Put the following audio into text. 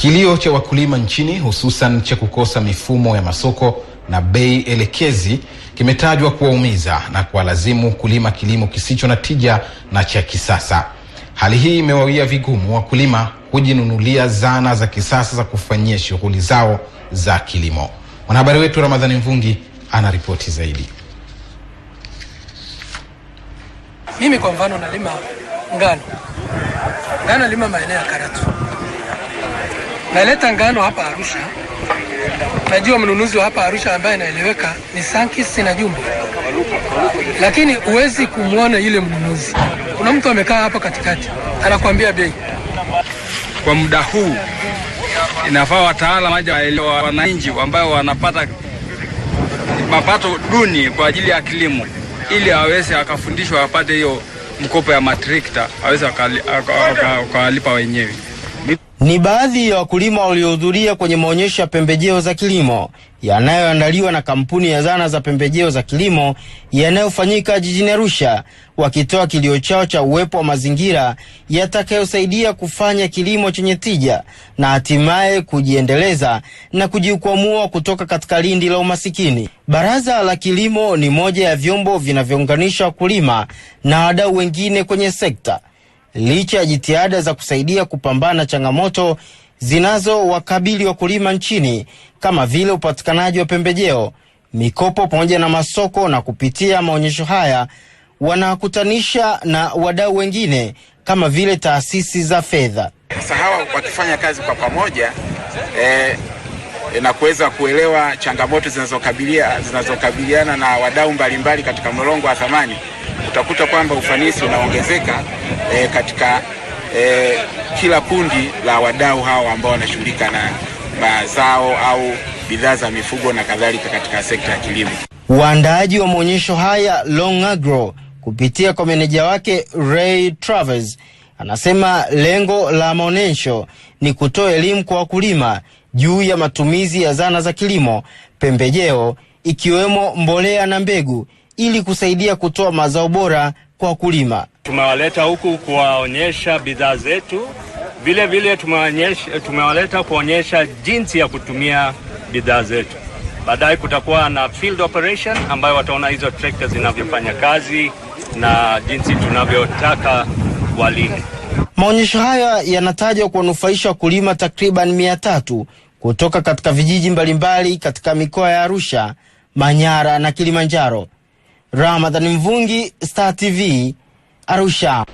Kilio cha wakulima nchini hususan cha kukosa mifumo ya masoko na bei elekezi kimetajwa kuwaumiza na kuwalazimu kulima kilimo kisicho na tija na cha kisasa. Hali hii imewawia vigumu wakulima kujinunulia zana za kisasa za kufanyia shughuli zao za kilimo. Mwanahabari wetu Ramadhani Mvungi ana ripoti zaidi. Mimi kwa mfano nalima ngano, ngano nalima maeneo ya Karatu naleta ngano hapa Arusha. Najua mnunuzi wa hapa Arusha ambaye anaeleweka ni Sankis na Jumbo, lakini huwezi kumwona yule mnunuzi. Kuna mtu amekaa hapa katikati anakuambia bei. Kwa muda huu inafaa wataalamu waje waelewa wananchi ambao wanapata mapato duni kwa ajili ya kilimo, ili aweze akafundishwa apate hiyo mkopo ya matrikta aweze akalipa wenyewe. Ni baadhi ya wakulima waliohudhuria kwenye maonyesho ya pembejeo za kilimo yanayoandaliwa na kampuni ya zana za pembejeo za kilimo yanayofanyika jijini Arusha, wakitoa kilio chao cha uwepo wa mazingira yatakayosaidia kufanya kilimo chenye tija na hatimaye kujiendeleza na kujikwamua kutoka katika lindi la umasikini. Baraza la Kilimo ni moja ya vyombo vinavyounganisha wakulima na wadau wengine kwenye sekta licha ya jitihada za kusaidia kupambana zinazo changamoto zinazowakabili wakulima nchini kama vile upatikanaji wa pembejeo, mikopo pamoja na masoko. Na kupitia maonyesho haya wanakutanisha na wadau wengine kama vile taasisi za fedha. Sasa hawa wakifanya kazi kwa pamoja eh, eh na kuweza kuelewa changamoto zinazokabilia zinazokabiliana na wadau mbalimbali katika mlongo wa thamani utakuta kwamba ufanisi unaongezeka e, katika e, kila kundi la wadau hao ambao wanashughulika na mazao au bidhaa za mifugo na kadhalika katika sekta ya kilimo. Waandaaji wa maonyesho haya Long Agro kupitia kwa meneja wake Ray Travers anasema lengo la maonyesho ni kutoa elimu kwa wakulima juu ya matumizi ya zana za kilimo, pembejeo ikiwemo mbolea na mbegu ili kusaidia kutoa mazao bora kwa wakulima. Tumewaleta huku kuwaonyesha bidhaa zetu, vile vile tumewaleta kuonyesha jinsi ya kutumia bidhaa zetu. Baadaye kutakuwa na field operation ambayo wataona hizo trekta zinavyofanya kazi na jinsi tunavyotaka walime. Maonyesho haya yanatajwa kuwanufaisha wakulima takriban mia tatu kutoka katika vijiji mbalimbali katika mikoa ya Arusha, Manyara na Kilimanjaro. Ramadhani Mvungi, Star TV, Arusha.